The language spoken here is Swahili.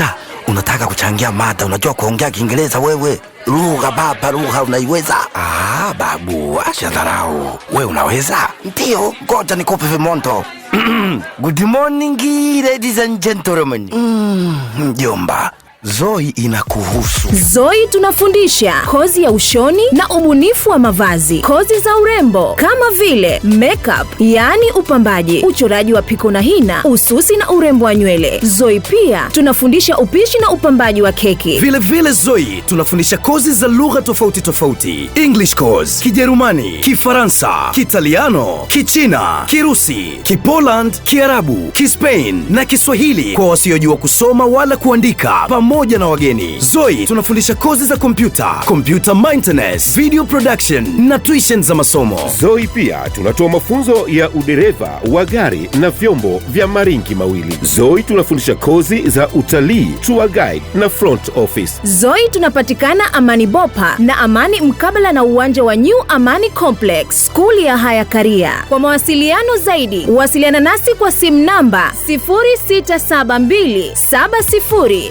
Hata unataka kuchangia mada, unajua kuongea Kiingereza wewe, lugha baba, lugha unaiweza. Ah, babu acha dharau, we unaweza. Ndio, ngoja nikupe vimondo. Good morning ladies and gentlemen. Mm, Mjomba Zoi inakuhusu. Zoi tunafundisha kozi ya ushoni na ubunifu wa mavazi, kozi za urembo kama vile makeup, yaani upambaji, uchoraji wa piko na hina, ususi na urembo wa nywele. Zoi pia tunafundisha upishi na upambaji wa keki. Vile vile Zoi tunafundisha kozi za lugha tofauti tofauti, English course, Kijerumani, Kifaransa, Kitaliano, Kichina, Kirusi, Kipoland, Kiarabu, Kispain na Kiswahili kwa wasiojua kusoma wala kuandika Pam pamoja na wageni. ZOI tunafundisha kozi za kompyuta, computer maintenance, video production na tuition za masomo. ZOI pia tunatoa mafunzo ya udereva wa gari na vyombo vya maringi mawili. ZOI tunafundisha kozi za utalii, tour guide na front office. ZOI tunapatikana Amani Bopa na Amani mkabala na uwanja wa New Amani Complex, skuli ya haya karia Kwa mawasiliano zaidi, wasiliana nasi kwa simu namba 067270